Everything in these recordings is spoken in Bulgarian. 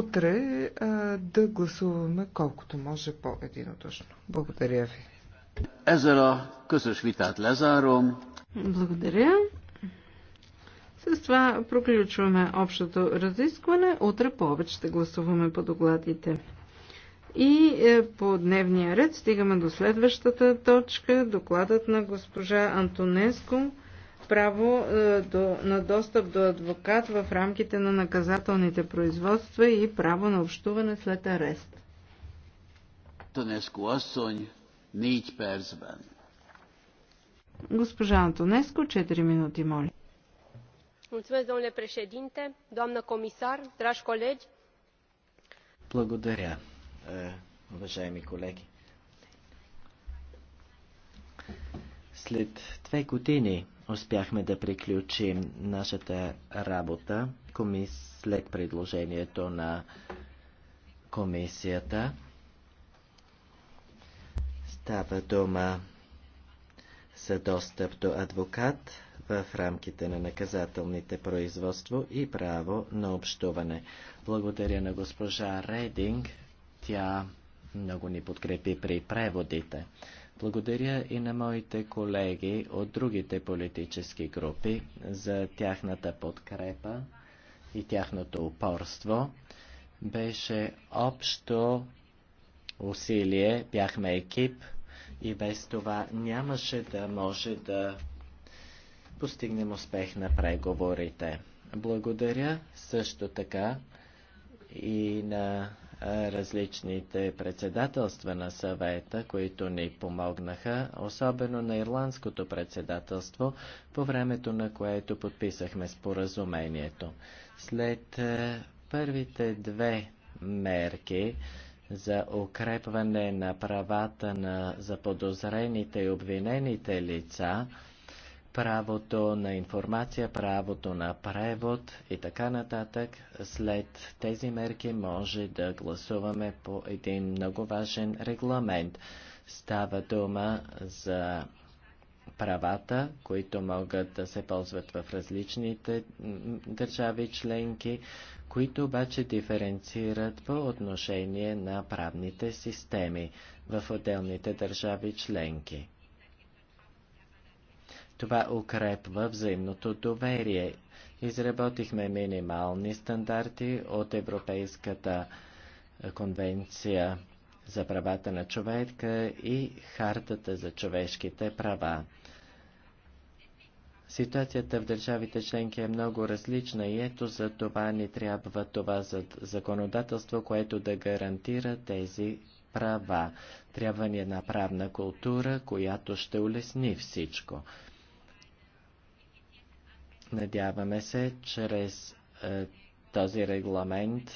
утре а, да гласуваме колкото може по-единодушно. Благодаря ви. Езера, късъш витат Лазаром. Благодаря. С това проключваме общото разискване. Утре повече ще гласуваме по докладите. И е, по дневния ред стигаме до следващата точка, докладът на госпожа Антонеско право е, на достъп до адвокат в рамките на наказателните производства и право на общуване след арест. Тонеско Асонь, 4 перцben. Госпожа Антонеско, 4 минути, моля. Mulțumesc, domnule președinte, doamnă comisar, dragi colegi. Благодаря, е, уважаеми колеги. След две години успяхме да приключим нашата работа след предложението на комисията. Става дума за достъп до адвокат в рамките на наказателните производство и право на общуване. Благодаря на госпожа Рейдинг. Тя много ни подкрепи при преводите. Благодаря и на моите колеги от другите политически групи за тяхната подкрепа и тяхното упорство. Беше общо усилие, бяхме екип и без това нямаше да може да постигнем успех на преговорите. Благодаря също така и на различните председателства на съвета, които ни помогнаха, особено на ирландското председателство, по времето на което подписахме споразумението. След е, първите две мерки за укрепване на правата на заподозрените и обвинените лица, правото на информация, правото на превод и така нататък. След тези мерки може да гласуваме по един много важен регламент. Става дума за правата, които могат да се ползват в различните държави членки, които обаче диференцират по отношение на правните системи в отделните държави членки. Това укрепва взаимното доверие. Изработихме минимални стандарти от Европейската конвенция за правата на човека и Хартата за човешките права. Ситуацията в държавите членки е много различна и ето за това ни трябва това законодателство, което да гарантира тези права. Трябва ни една правна култура, която ще улесни всичко. Надяваме се, чрез е, този регламент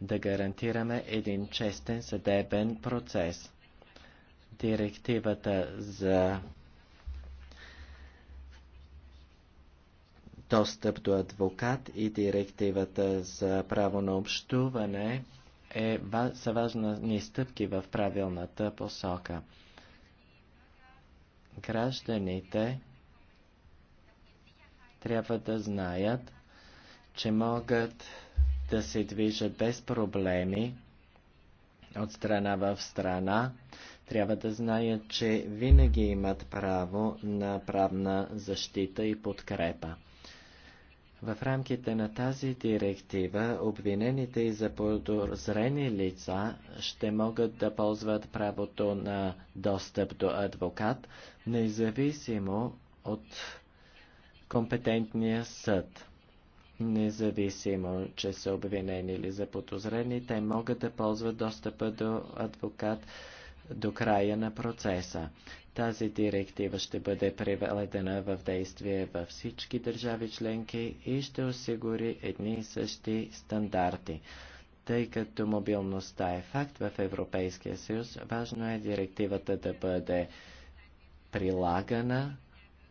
да гарантираме един честен съдебен процес. Директивата за достъп до адвокат и директивата за право на общуване е, са важни стъпки в правилната посока. Гражданите трябва да знаят, че могат да се движат без проблеми от страна в страна. Трябва да знаят, че винаги имат право на правна защита и подкрепа. В рамките на тази директива обвинените и заподозрени лица ще могат да ползват правото на достъп до адвокат, независимо от компетентния съд. Независимо, че са обвинени или за подозрени, те могат да ползват достъпа до адвокат до края на процеса. Тази директива ще бъде приведена в действие във всички държави членки и ще осигури едни и същи стандарти. Тъй като мобилността е факт в Европейския съюз, важно е директивата да бъде прилагана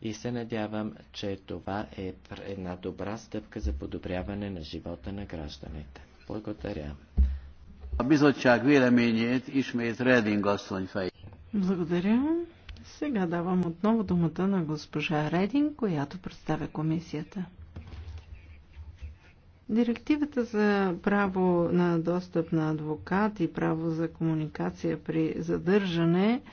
и се надявам, че това е една добра стъпка за подобряване на живота на гражданите. Благодаря. Благодаря. Сега давам отново думата на госпожа Редин, която представя комисията. Директивата за право на достъп на адвокат и право за комуникация при задържане –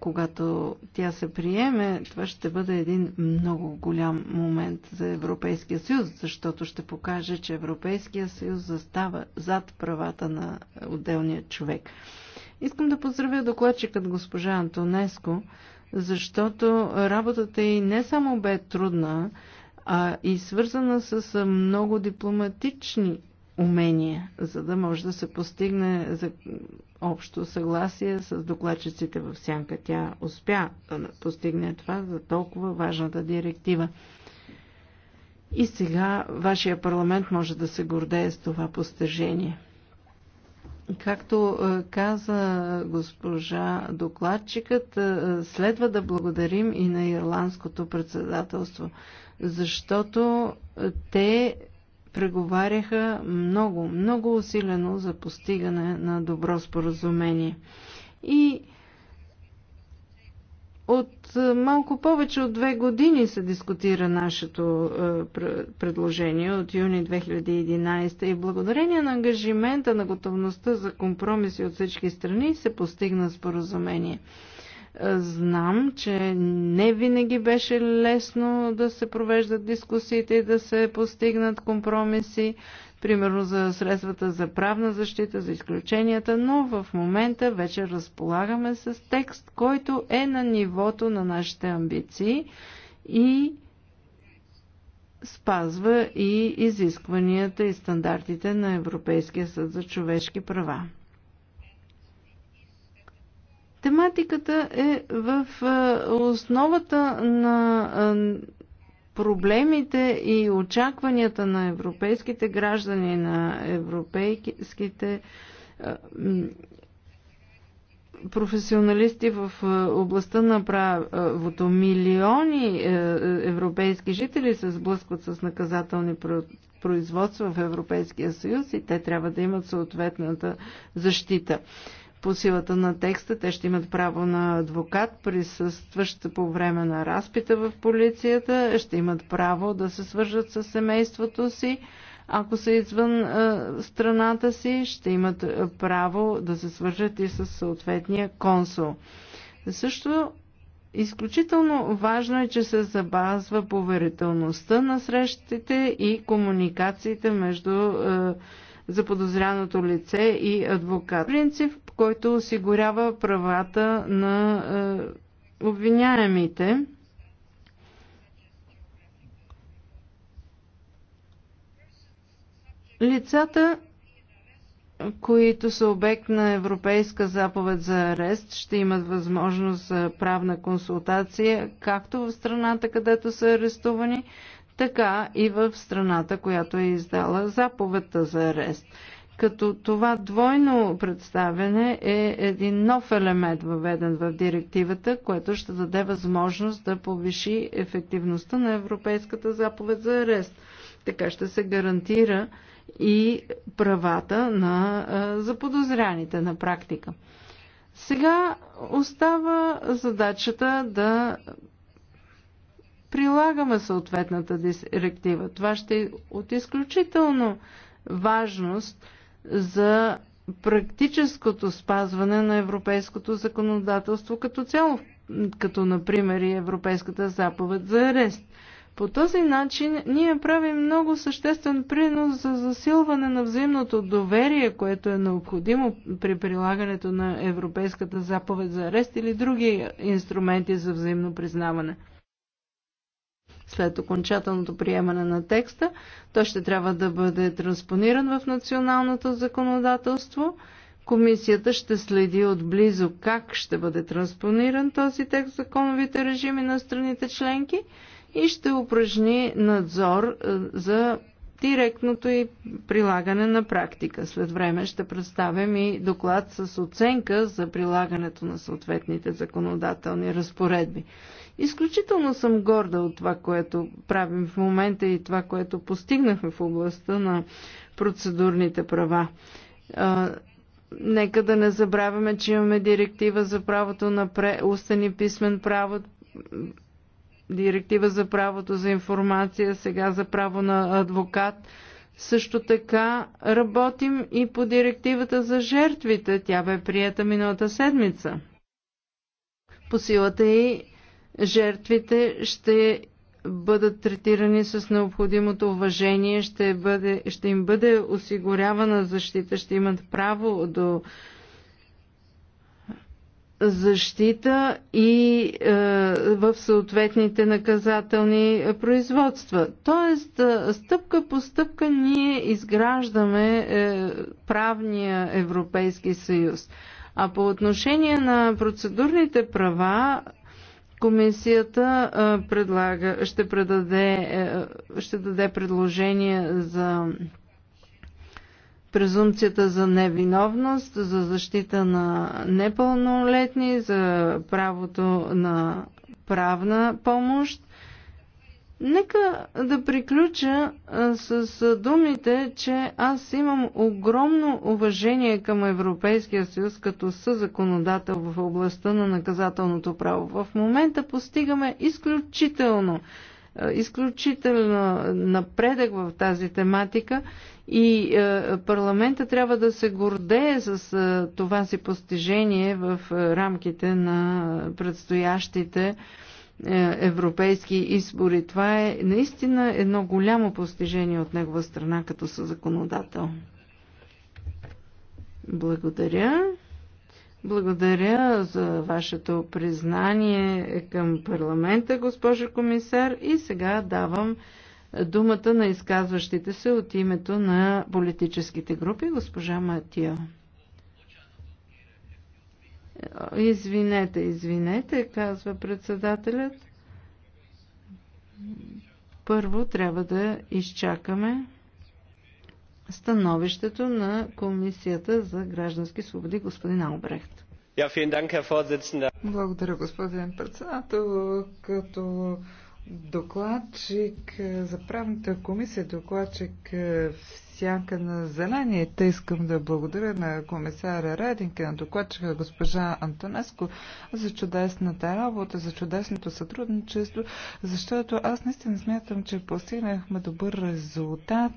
когато тя се приеме, това ще бъде един много голям момент за Европейския съюз, защото ще покаже, че Европейския съюз застава зад правата на отделния човек. Искам да поздравя докладчикът госпожа Антонеско, защото работата й не само бе трудна, а и свързана с много дипломатични умения, за да може да се постигне за общо съгласие с докладчиците в сянка. Тя успя да постигне това за толкова важната директива. И сега вашия парламент може да се гордее с това постижение. Както е, каза госпожа докладчикът, е, следва да благодарим и на ирландското председателство, защото те преговаряха много, много усилено за постигане на добро споразумение. И от е, малко повече от две години се дискутира нашето е, предложение от юни 2011 и благодарение на ангажимента на готовността за компромиси от всички страни се постигна споразумение. Знам, че не винаги беше лесно да се провеждат дискусиите и да се постигнат компромиси, примерно за средствата за правна защита, за изключенията, но в момента вече разполагаме с текст, който е на нивото на нашите амбиции и спазва и изискванията и стандартите на Европейския съд за човешки права. Тематиката е в основата на проблемите и очакванията на европейските граждани, на европейските професионалисти в областта на правото. Милиони е, е, европейски жители се сблъскват с наказателни производства в Европейския съюз и те трябва да имат съответната защита. По силата на текста те ще имат право на адвокат, присъстващ по време на разпита в полицията, ще имат право да се свържат с семейството си, ако са извън страната си, ще имат право да се свържат и с съответния консул. Също Изключително важно е, че се забазва поверителността на срещите и комуникациите между за подозряното лице и адвокат. Принцип, който осигурява правата на е, обвиняемите. Лицата, които са обект на Европейска заповед за арест, ще имат възможност за правна консултация, както в страната, където са арестувани, така и в страната, която е издала заповедта за арест. Като това двойно представяне е един нов елемент въведен в директивата, което ще даде възможност да повиши ефективността на Европейската заповед за арест. Така ще се гарантира и правата на заподозряните на практика. Сега остава задачата да прилагаме съответната директива. Това ще е от изключително важност за практическото спазване на европейското законодателство като цяло, като например и Европейската заповед за арест. По този начин ние правим много съществен принос за засилване на взаимното доверие, което е необходимо при прилагането на Европейската заповед за арест или други инструменти за взаимно признаване след окончателното приемане на текста. Той ще трябва да бъде транспониран в националното законодателство. Комисията ще следи отблизо как ще бъде транспониран този текст в законовите режими на страните членки и ще упражни надзор е, за директното и прилагане на практика. След време ще представим и доклад с оценка за прилагането на съответните законодателни разпоредби. Изключително съм горда от това, което правим в момента и това, което постигнахме в областта на процедурните права. Нека да не забравяме, че имаме директива за правото на пре... устен и писмен право, директива за правото за информация, сега за право на адвокат. Също така работим и по директивата за жертвите. Тя бе прията миналата седмица. По силата и жертвите ще бъдат третирани с необходимото уважение, ще, бъде, ще им бъде осигурявана защита, ще имат право до защита и е, в съответните наказателни производства. Тоест, е, стъпка по стъпка ние изграждаме е, правния Европейски съюз. А по отношение на процедурните права, Комисията предлага, ще, предаде, е, ще даде предложение за презумпцията за невиновност, за защита на непълнолетни, за правото на правна помощ Нека да приключа с думите, че аз имам огромно уважение към Европейския съюз като съзаконодател в областта на наказателното право. В момента постигаме изключително изключително напредък в тази тематика и парламента трябва да се гордее с това си постижение в рамките на предстоящите е, европейски избори. Това е наистина едно голямо постижение от негова страна като съзаконодател. Благодаря. Благодаря за вашето признание към парламента, госпожо комисар. И сега давам думата на изказващите се от името на политическите групи, госпожа Матио. Е, извинете, извинете, казва председателят. Първо трябва да изчакаме становището на Комисията за граждански свободи, господин Албрехт. Благодаря, господин председател. Като докладчик за правната комисия, докладчик в е, сянка на зелените. Искам да благодаря на комисара Рединка, на докладчика госпожа Антонеско за чудесната работа, за чудесното сътрудничество, защото аз наистина смятам, че постигнахме добър резултат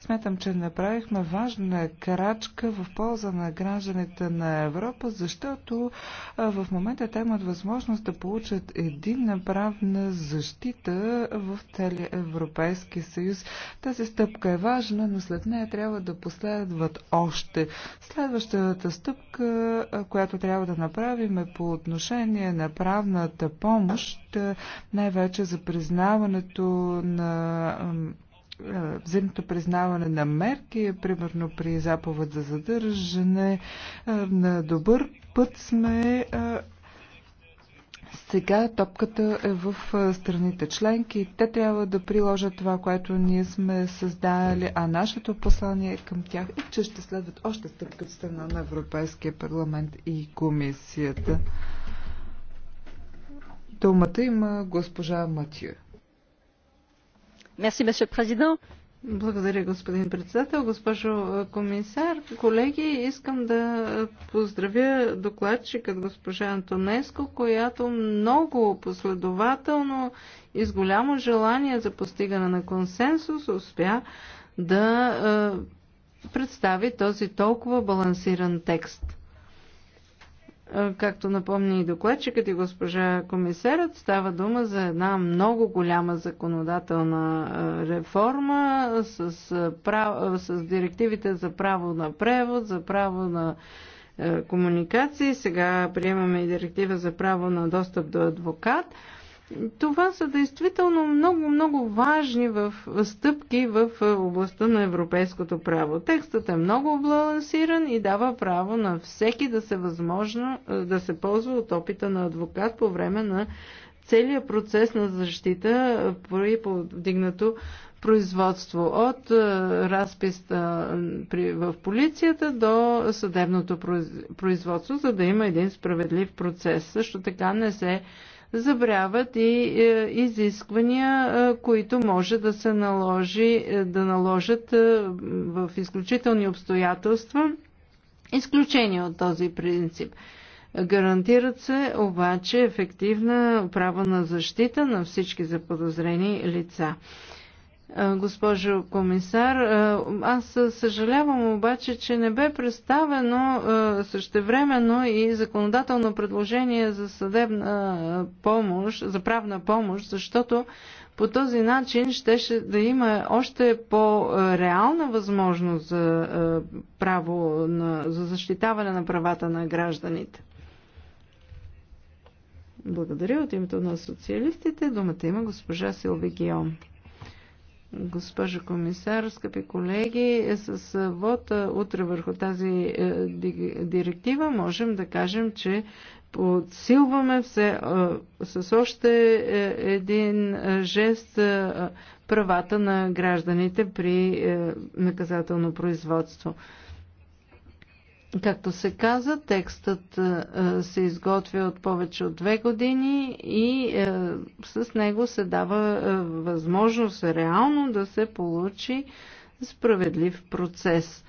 Смятам, че направихме важна крачка в полза на гражданите на Европа, защото в момента те имат възможност да получат един правна защита в целия Европейски съюз. Тази стъпка е важна, но след нея трябва да последват още. Следващата стъпка, която трябва да направим е по отношение на правната помощ, най-вече за признаването на е, взаимното признаване на мерки, примерно при заповед за задържане. Е, на добър път сме. Е, сега топката е в страните членки. Те трябва да приложат това, което ние сме създали, а нашето послание е към тях и че ще следват още стъпка в страна на Европейския парламент и комисията. Думата има госпожа Матю. Благодаря, господин председател. Госпожо е, комисар, колеги, искам да поздравя докладчикът госпожа Антонеско, която много последователно и с голямо желание за постигане на консенсус успя да е, представи този толкова балансиран текст. Е, както напомни и докладчикът и госпожа комисарът, става дума за една много голяма законодателна е, реформа с, е, прав... с директивите за право на превод, за право на комуникации. Сега приемаме и директива за право на достъп до адвокат. Това са действително много, много важни в стъпки в е, областта на европейското право. Текстът е много балансиран и дава право на всеки да се, възможно, е, да се ползва от опита на адвокат по време на целия процес на защита при повдигнато производство от е, разписта в полицията до съдебното производство, за да има един справедлив процес. Също така не се забравят и е, изисквания, е, които може да се наложи, е, да наложат в изключителни обстоятелства, изключение от този принцип. Гарантират се обаче ефективна права на защита на всички заподозрени лица госпожо комисар. Аз съжалявам обаче, че не бе представено същевременно и законодателно предложение за съдебна помощ, за правна помощ, защото по този начин щеше да има още по-реална възможност за право на, за защитаване на правата на гражданите. Благодаря от името на социалистите. Думата има госпожа Силви Гион. Госпожо комисар, скъпи колеги, с вода утре върху тази е, директива можем да кажем, че подсилваме все с още е, един жест правата на гражданите при е, наказателно производство. Както се каза, текстът е, се изготвя от повече от две години и е, с него се дава е, възможност реално да се получи справедлив процес.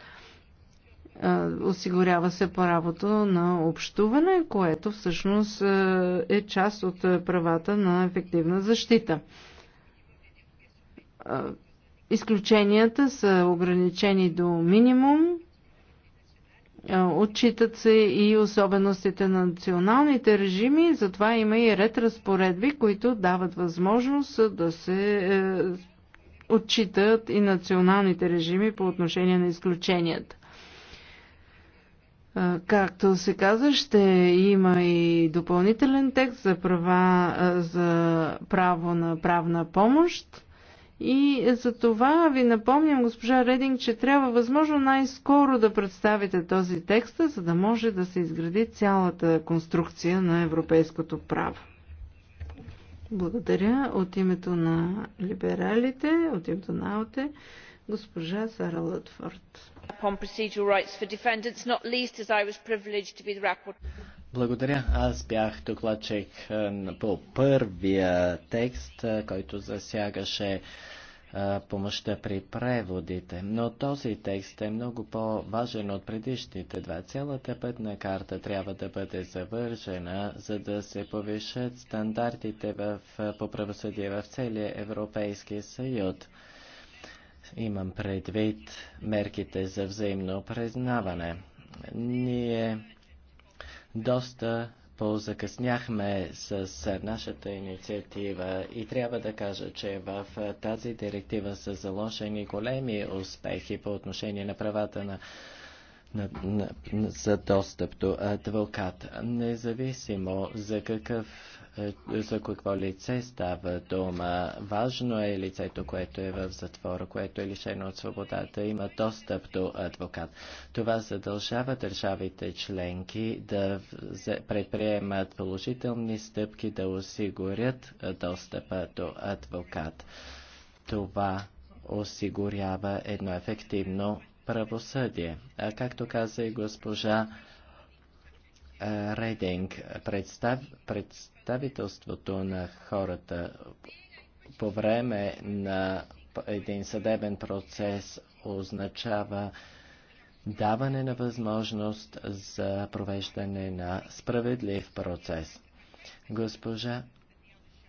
Осигурява се правото на общуване, което всъщност е част от правата на ефективна защита. Изключенията са ограничени до минимум Отчитат се и особеностите на националните режими, затова има и ред разпоредби, които дават възможност да се е, отчитат и националните режими по отношение на изключенията. Както се каза, ще има и допълнителен текст за, права, за право на правна помощ. И за това ви напомням, госпожа Рединг, че трябва възможно най-скоро да представите този текст, за да може да се изгради цялата конструкция на европейското право. Благодаря от името на либералите, от името на АОТЕ, госпожа Сара Лътфорд. Благодаря. Аз бях докладчик по първия текст, който засягаше помощта при преводите. Но този текст е много по-важен от предишните два. Цялата пътна карта трябва да бъде завържена, за да се повишат стандартите в, по правосъдие в целия Европейски съюз. Имам предвид мерките за взаимно признаване. Ние доста позакъсняхме с нашата инициатива и трябва да кажа, че в тази директива са заложени големи успехи по отношение на правата на на, на, за достъп до адвокат, независимо за какъв за какво лице става дума. Важно е лицето, което е в затвора, което е лишено от свободата, има достъп до адвокат. Това задължава държавите членки да предприемат положителни стъпки да осигурят достъпа до адвокат. Това осигурява едно ефективно правосъдие. А както каза и госпожа Рейдинг, представ, представителството на хората по време на един съдебен процес означава даване на възможност за провеждане на справедлив процес. Госпожа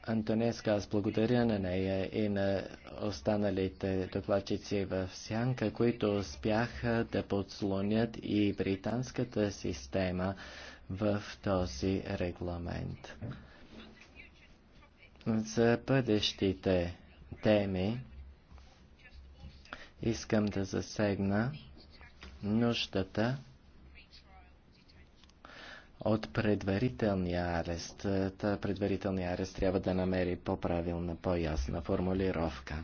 Антонеска, аз благодаря на нея и на останалите докладчици в Сянка, които успяха да подслонят и британската система в този регламент. За бъдещите теми искам да засегна нуждата от предварителния арест. Е, та предварителния арест трябва да намери по-правилна, по-ясна формулировка.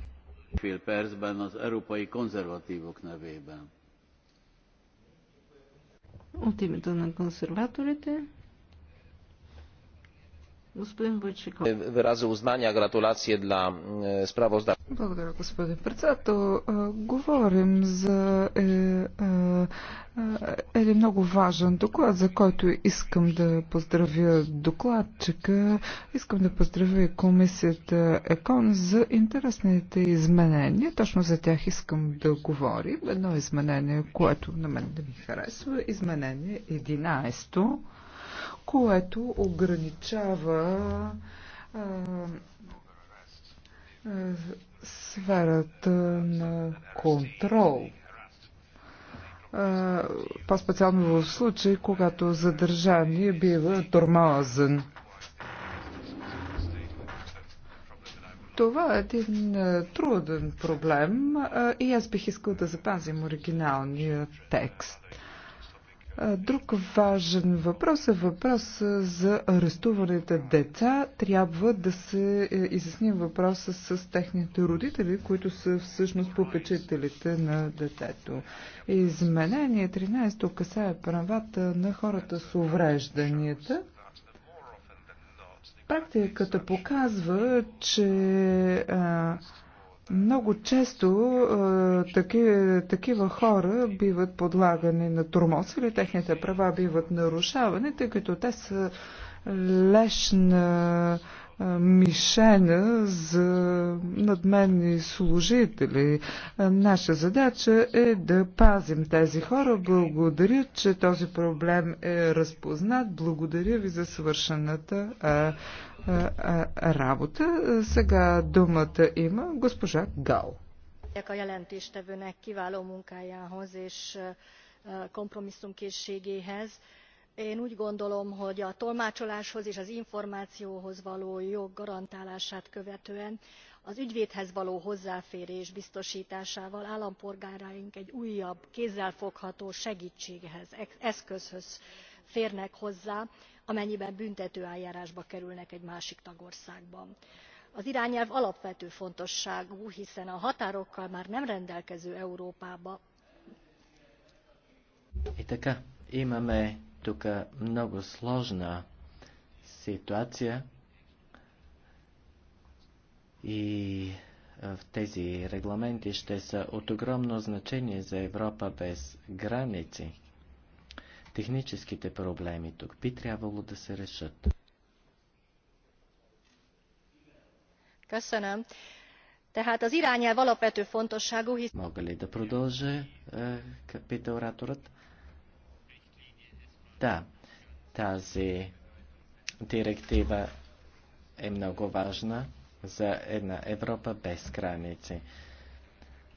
От името на консерваторите Господин Войчиков. Е, Wyrazy uznania, gratulacje dla e, sprawozdawcy. Благодаря, господин председател. Е, говорим за е, е, е, много важен доклад, за който искам да поздравя докладчика. Искам да поздравя и комисията ЕКОН за интересните изменения. Точно за тях искам да говорим. Едно изменение, което на мен да ми харесва. Изменение 11. -то което ограничава а, а, сферата на контрол по-специално в случай, когато задържание бива тормозен. Това е един труден проблем и аз бих искал да запазим оригиналния текст. Друг важен въпрос е въпрос за арестуваните деца. Трябва да се е, изясни въпроса с техните родители, които са всъщност попечителите на детето. Изменение 13 то касае правата на хората с уврежданията. Практиката показва, че а, много често таки, такива хора биват подлагани на тормоз или техните права биват нарушавани, тъй като те са лешна мишена за надменни служители. Наша задача е да пазим тези хора. Благодаря, че този проблем е разпознат. Благодаря ви за свършената работа. Сега думата има госпожа Гал. a jelentéstevőnek kiváló munkájához és Én úgy gondolom, hogy a tolmácsoláshoz és az információhoz való jog garantálását követően az ügyvédhez való hozzáférés biztosításával állampolgáraink egy újabb kézzelfogható segítséghez, eszközhöz férnek hozzá amennyiben büntetőeljárásba kerülnek egy másik tagországban. az irányelv alapvető fontosságú hiszen a határokkal már nem rendelkező európában И в тези регламенти ще са от огромно значение за Европа без граници. Техническите проблеми тук би трябвало да се решат. Köszönöm. Tehát az irányelv alapvető fontosságú, hisz... Мога ли да продължа, е, пита ораторът? Да, тази директива е много важна за една Европа без граници.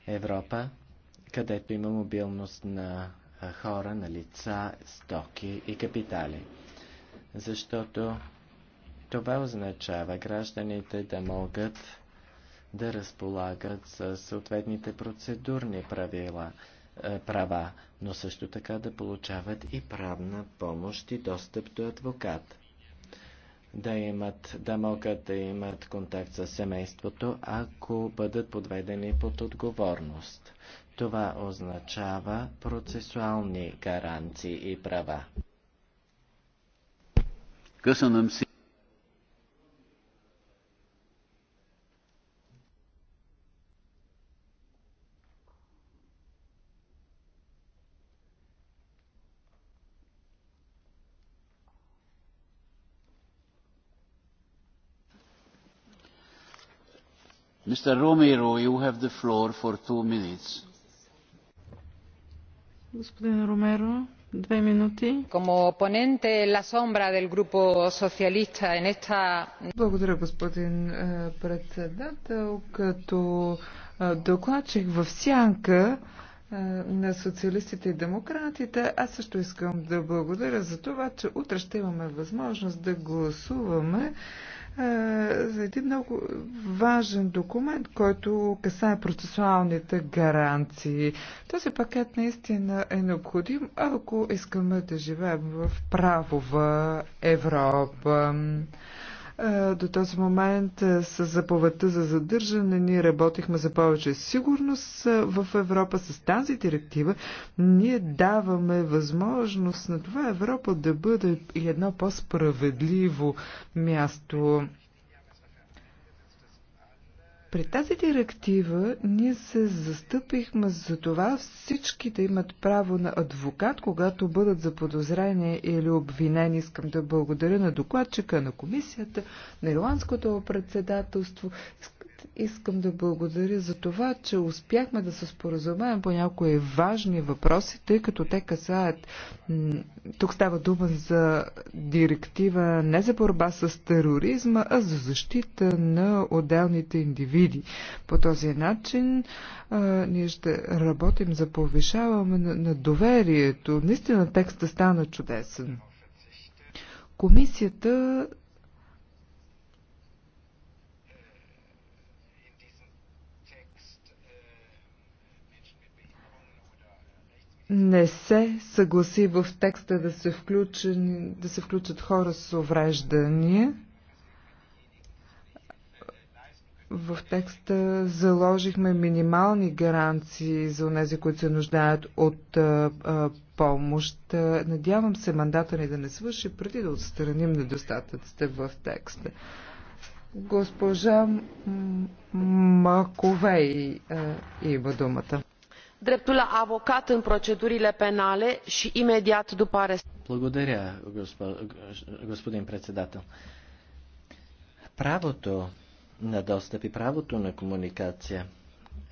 Европа, където има мобилност на хора, на лица, стоки и капитали. Защото това означава гражданите да могат да разполагат с съответните процедурни правила, права, но също така да получават и правна помощ и достъп до адвокат. Да, имат, да могат да имат контакт с семейството, ако бъдат подведени под отговорност. Това означава процесуални гаранции и права. Köszönöm szépen. Mr. Romero, you have the floor for two minutes. Господин Ромеро, две минути. Благодаря, господин е, председател. Като е, докладчик в сянка, е, на социалистите и демократите. Аз също искам да благодаря за това, че утре ще имаме възможност да гласуваме е, за един много важен документ, който касае процесуалните гаранции. Този пакет наистина е необходим, ако искаме да живеем в правова Европа. Е, до този момент е, с заповедта за задържане ние работихме за повече сигурност е, в Европа. С тази директива ние даваме възможност на това Европа да бъде и едно по-справедливо място при тази директива ние се застъпихме за това всички да имат право на адвокат, когато бъдат заподозрени или обвинени. Искам да благодаря на докладчика, на комисията, на ирландското председателство. Искам Искам да благодаря за това, че успяхме да се споразумеем по някои важни въпроси, тъй като те касаят... Тук става дума за директива не за борба с тероризма, а за защита на отделните индивиди. По този начин а, ние ще работим за повишаване на, на доверието. Наистина текста стана чудесен. Комисията не се съгласи в текста да се, включен, да се включат хора с увреждания. В текста заложихме минимални гаранции за тези, които се нуждаят от а, а, помощ. Надявам се мандата ни да не свърши преди да отстраним недостатъците в текста. Госпожа Маковей има думата dreptul la avocat în procedurile penale și imediat după arestare. Благодаря, господин председател. Правото на достъп и правото на комуникация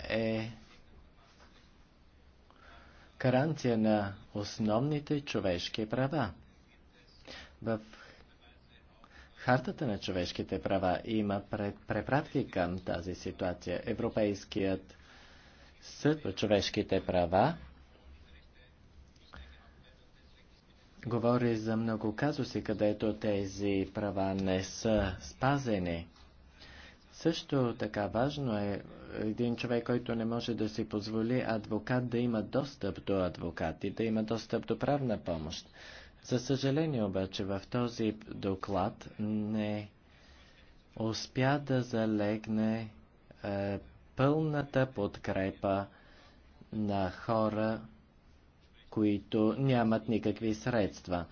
е гаранция на основните човешки права. В Хартата на човешките права има препратки към тази ситуация. Европейският Съд човешките права говори за много казуси, където тези права не са спазени. Също така важно е един човек, който не може да си позволи адвокат да има достъп до адвокат и да има достъп до правна помощ. За съжаление обаче в този доклад не успя да залегне е, пълната подкрепа на хора, които нямат никакви средства.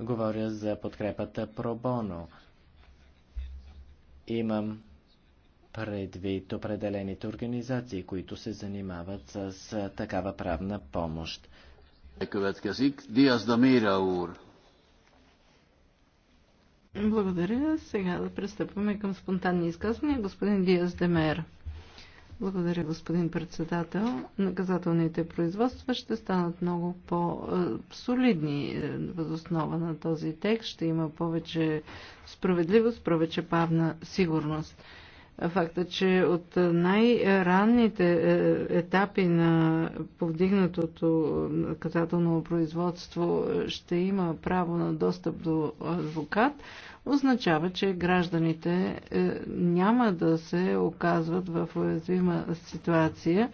Говоря за подкрепата пробоно. Имам предвид определените организации, които се занимават с такава правна помощ. Благодаря. Сега да пристъпваме към спонтанни изказвания. Господин Диас Демер. Благодаря, господин председател. Наказателните производства ще станат много по-солидни е, възоснова на този текст. Ще има повече справедливост, повече правна сигурност. Факта, че от най-ранните е, етапи на повдигнатото наказателно производство е, ще има право на достъп до адвокат, означава, че гражданите е, няма да се оказват в уязвима ситуация,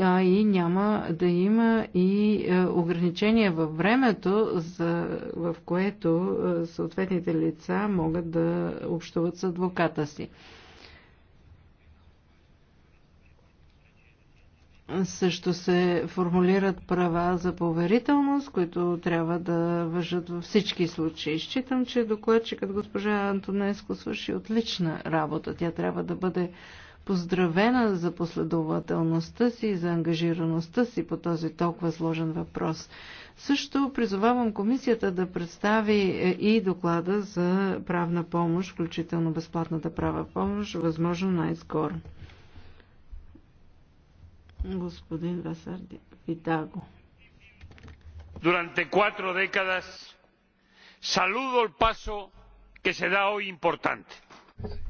а и няма да има и е, ограничения във времето, за, в което е, съответните лица могат да общуват с адвоката си. Също се формулират права за поверителност, които трябва да въжат във всички случаи. Считам, че докладчикът госпожа Антонеско свърши отлична работа. Тя трябва да бъде поздравена за последователността си и за ангажираността си по този толкова сложен въпрос. Също призовавам комисията да представи е, и доклада за правна помощ, включително безплатната права помощ, възможно най-скоро. Господин Васар Витаго. Durante cuatro décadas saludo el paso que se da hoy importante.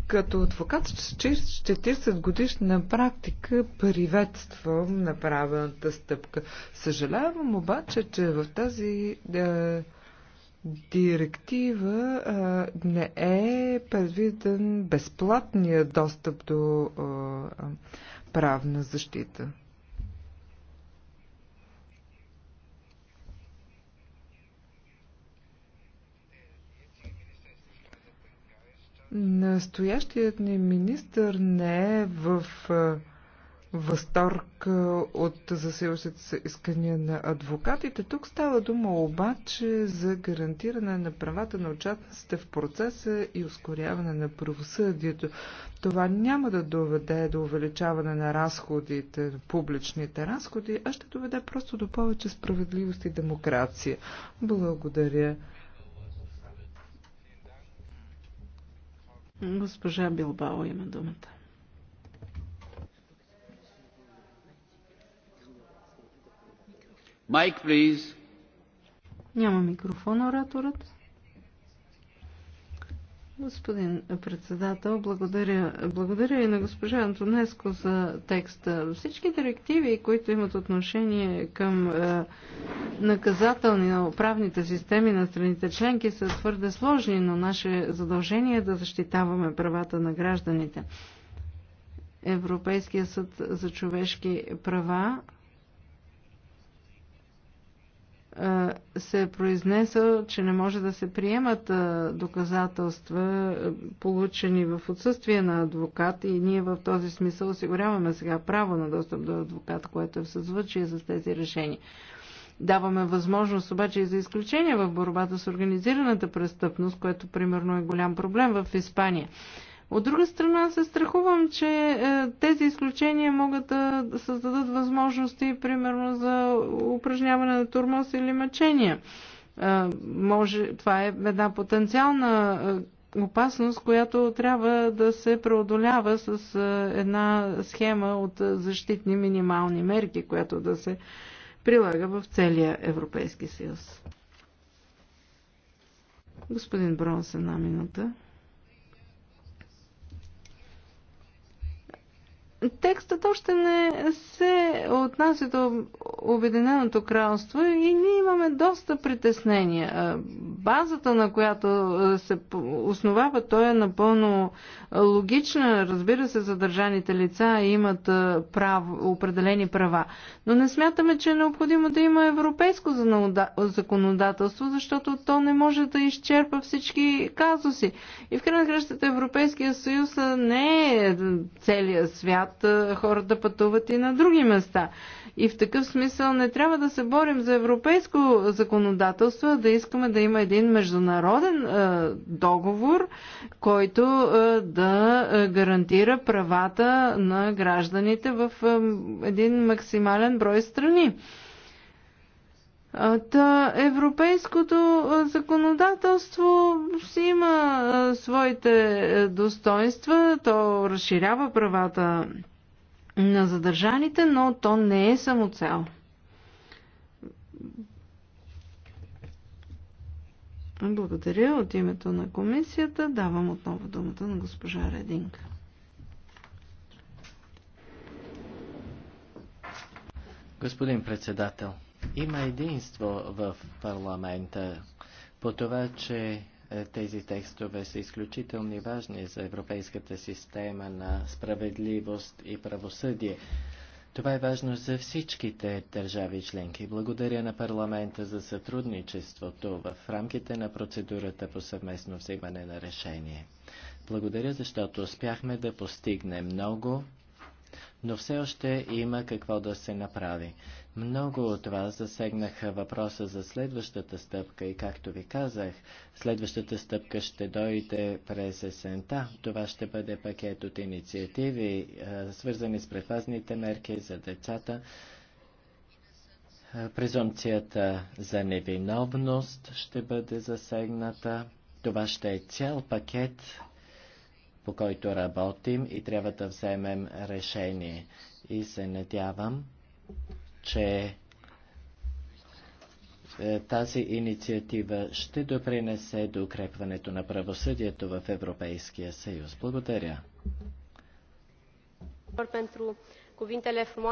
Като адвокат с 40 годишна практика приветствам направената стъпка. Съжалявам обаче, че в тази е, директива е, не е предвиден безплатния достъп до е, правна защита. Настоящият ни министр не е в възторг е, от засилващите се искания на адвокатите. Тук става дума обаче за гарантиране на правата на участниците в процеса и ускоряване на правосъдието. Това няма да доведе до увеличаване на разходите, публичните разходи, а ще доведе просто до повече справедливост и демокрация. Благодаря. Госпожа Билбао има думата. Майк, Няма микрофон ораторът. Господин председател, благодаря, благодаря и на госпожа Антонеско за текста. Всички директиви, които имат отношение към е, наказателни на правните системи на страните членки, са твърде сложни, но наше задължение е да защитаваме правата на гражданите. Европейския съд за човешки права се е произнесъл, че не може да се приемат доказателства, получени в отсъствие на адвокат и ние в този смисъл осигуряваме сега право на достъп до адвокат, което е в съзвучие с тези решения. Даваме възможност обаче и за изключение в борбата с организираната престъпност, което примерно е голям проблем в Испания. От друга страна се страхувам, че е, тези изключения могат да създадат възможности, примерно, за упражняване на турмоз или мъчения. Е, може, това е една потенциална е, опасност, която трябва да се преодолява с една схема от защитни минимални мерки, която да се прилага в целия Европейски съюз. Господин Бронс, една минута. Текстът още не се отнася до Обединеното кралство и ние имаме доста притеснения базата, на която е, се основава, той е напълно е, логична. Разбира се, задържаните лица имат е, прав, определени права. Но не смятаме, че е необходимо да има европейско законодателство, защото то не може да изчерпа всички казуси. И в крайна кръщата Европейския съюз не е целият свят. Хората да пътуват и на други места. И в такъв смисъл не трябва да се борим за европейско законодателство, да искаме да има един един международен е, договор, който е, да е, гарантира правата на гражданите в един максимален брой страни. Та европейското законодателство си има своите достоинства, то разширява правата на задържаните, но то не е самоцел. Благодаря от името на комисията. Давам отново думата на госпожа Рединг. Господин председател, има единство в парламента по това, че е, тези текстове са изключително важни за европейската система на справедливост и правосъдие. Това е важно за всичките държави членки. Благодаря на парламента за сътрудничеството в рамките на процедурата по съвместно взимане на решение. Благодаря, защото успяхме да постигнем много но все още има какво да се направи. Много от вас засегнаха въпроса за следващата стъпка и както ви казах, следващата стъпка ще дойде през есента. Това ще бъде пакет от инициативи, е, свързани с предпазните мерки за децата, е, Презумцията за невиновност ще бъде засегната. Това ще е цял пакет по който работим и трябва да вземем решение. И се надявам, че е, тази инициатива ще допринесе до укрепването на правосъдието в Европейския съюз. Благодаря.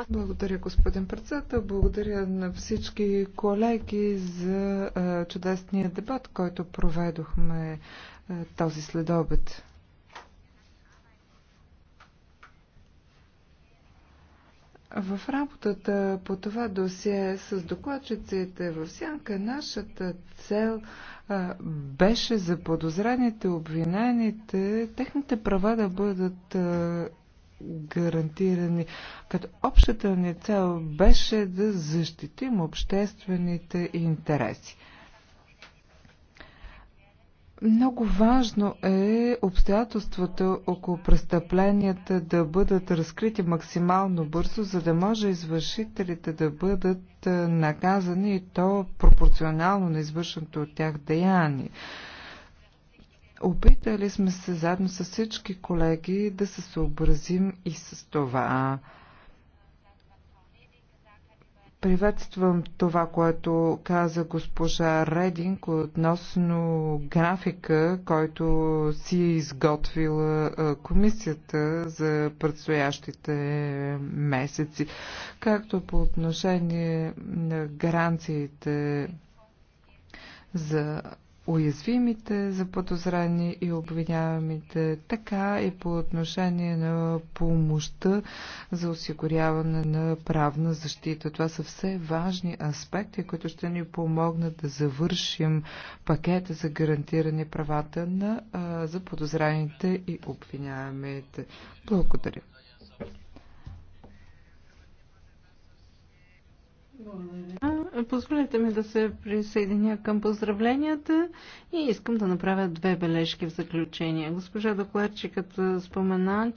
Благодаря, господин председател. Благодаря на всички колеги за е, чудесния дебат, който проведохме е, този следобед. В работата по това досие с докладчиците в сянка нашата цел а, беше за подозраните, обвинените, техните права да бъдат а, гарантирани. Като общата ни цел беше да защитим обществените интереси. Много важно е обстоятелствата около престъпленията да бъдат разкрити максимално бързо, за да може извършителите да бъдат е, наказани и то пропорционално на извършеното от тях деяние. Опитали сме се заедно с всички колеги да се съобразим и с това. Приветствам това, което каза госпожа Рединг относно графика, който си е изготвила комисията за предстоящите месеци, както по отношение на гаранциите за уязвимите, заподозрени и обвиняемите, така и по отношение на помощта за осигуряване на правна защита. Това са все важни аспекти, които ще ни помогнат да завършим пакета за гарантиране правата на заподозрените и обвиняемите. Благодаря. Позволете ми да се присъединя към поздравленията и искам да направя две бележки в заключение. Госпожа докладчикът спомена,